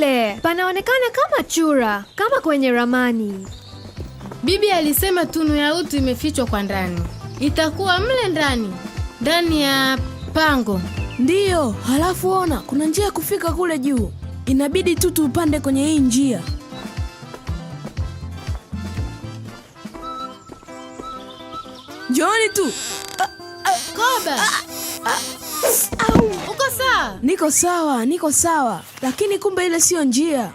pale panaonekana kama chura, kama kwenye ramani. Bibi alisema tunu ya utu imefichwa kwa ndani, itakuwa mle ndani, ndani ya pango. Ndiyo, halafu ona, kuna njia ya kufika kule juu. Inabidi tu tupande kwenye hii njia. njoni tu. Koba! Ah, ah. Ah, uko sawa? Niko sawa, niko sawa, lakini kumbe ile siyo njia.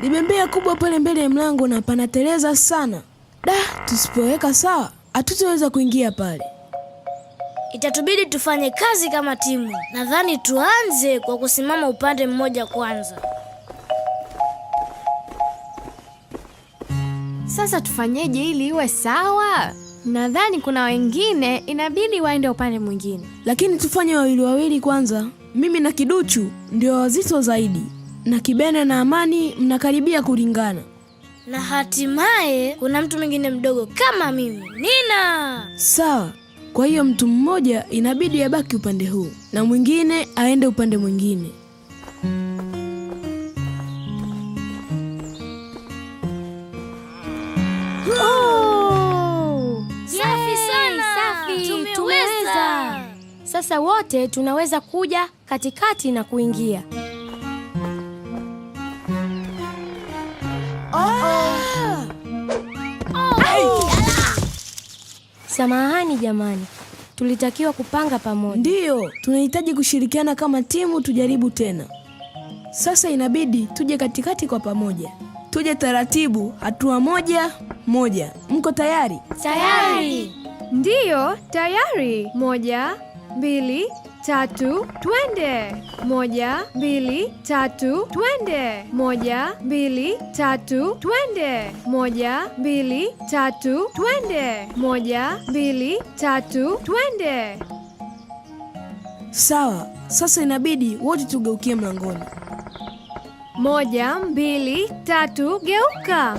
Ni bembea kubwa pale mbele ya mlango na panateleza sana. Da, tusipoweka sawa hatutoweza kuingia pale. Itatubidi tufanye kazi kama timu. Nadhani tuanze kwa kusimama upande mmoja kwanza. Sasa tufanyeje ili iwe sawa? Nadhani kuna wengine inabidi waende upande mwingine, lakini tufanye wawili wawili kwanza. Mimi na Kiduchu ndio wazito zaidi, na Kibena na Amani mnakaribia kulingana, na hatimaye kuna mtu mwingine mdogo kama mimi, Nina. Sawa, kwa hiyo mtu mmoja inabidi abaki upande huu na mwingine aende upande mwingine. sasa wote tunaweza kuja katikati na kuingia. Oh! Oh! Hey! Samahani jamani, tulitakiwa kupanga pamoja. Ndiyo, tunahitaji kushirikiana kama timu. Tujaribu tena. Sasa inabidi tuje katikati kwa pamoja, tuje taratibu, hatua moja moja. Mko tayari? Tayari. Ndiyo, tayari. Moja, mbili tatu twende, moja mbili tatu twende, moja mbili tatu twende, moja mbili tatu twende, moja mbili tatu twende. Sawa, sasa inabidi wote tugeukie mlangoni. Moja mbili tatu, geuka.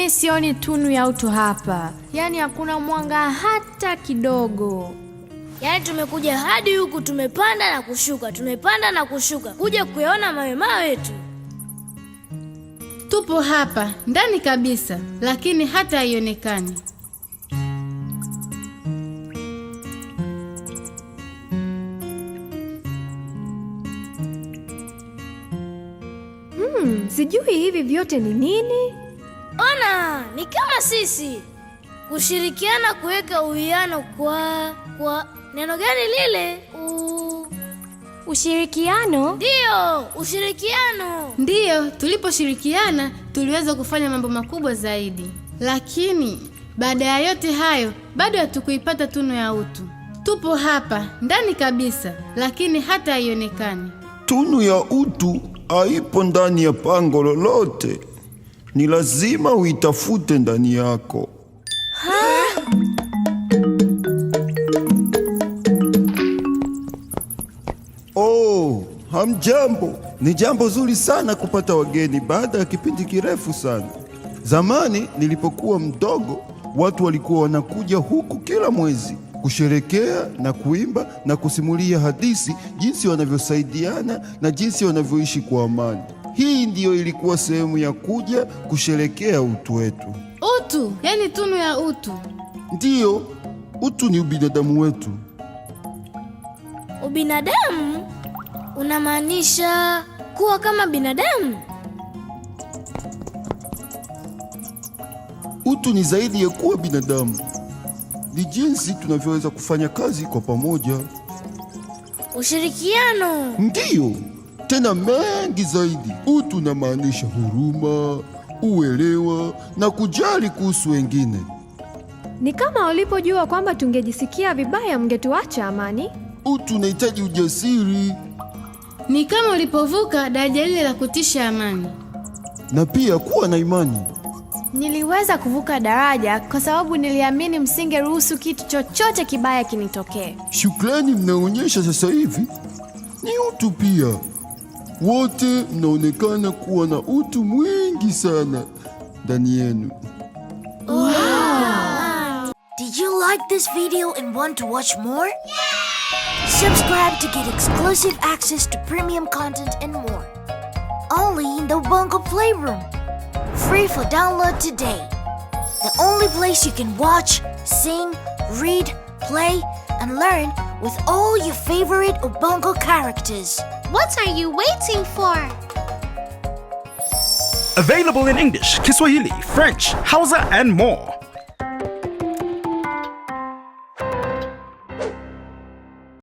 Mimi sioni tunu ya utu hapa, yaani hakuna mwanga hata kidogo. Yaani tumekuja hadi huku, tumepanda na kushuka, tumepanda na kushuka kuja kuyaona mawe mawe tu. Tupo hapa ndani kabisa, lakini hata haionekani. Hmm, sijui hivi vyote ni nini. Ona ni kama sisi kushirikiana kuweka uwiano kwa kwa neno gani lile? U... ushirikiano. Ndiyo, ushirikiano. Ndiyo, tuliposhirikiana tuliweza kufanya mambo makubwa zaidi, lakini baada ya yote hayo bado hatukuipata tunu ya utu. Tupo hapa ndani kabisa, lakini hata haionekani. Tunu ya utu haipo ndani ya pango lolote ni lazima uitafute ndani yako. Oh, hamjambo. Ni jambo zuri sana kupata wageni baada ya kipindi kirefu sana. Zamani nilipokuwa mdogo, watu walikuwa wanakuja huku kila mwezi kusherekea na kuimba na kusimulia hadithi jinsi wanavyosaidiana na jinsi wanavyoishi kwa amani. Hii ndiyo ilikuwa sehemu ya kuja kusherekea utu wetu. Utu yani tunu ya utu, ndiyo utu ni ubinadamu wetu. Ubinadamu unamaanisha kuwa kama binadamu. Utu ni zaidi ya kuwa binadamu, ni jinsi tunavyoweza kufanya kazi kwa pamoja. Ushirikiano ndiyo tena mengi zaidi. Utu unamaanisha huruma, uelewa na kujali kuhusu wengine. Ni kama walipojua kwamba tungejisikia vibaya, mngetuacha amani. Utu unahitaji ujasiri, ni kama ulipovuka daraja lile la kutisha amani, na pia kuwa na imani. Niliweza kuvuka daraja kwa sababu niliamini msingeruhusu kitu chochote kibaya kinitokee. Shukrani mnaonyesha sasa hivi ni utu pia. wote mnaonekana kuwa na utu mwingi sana ndani yenu. Wow. Did you like this video and want to watch more? Yeah! Subscribe to get exclusive access to premium content and more. Only in the Bongo Playroom. Free for download today. The only place you can watch, sing, read, play, and learn with all your favorite Ubongo characters. What are you waiting for? Available in English, Kiswahili, French, Hausa, and more.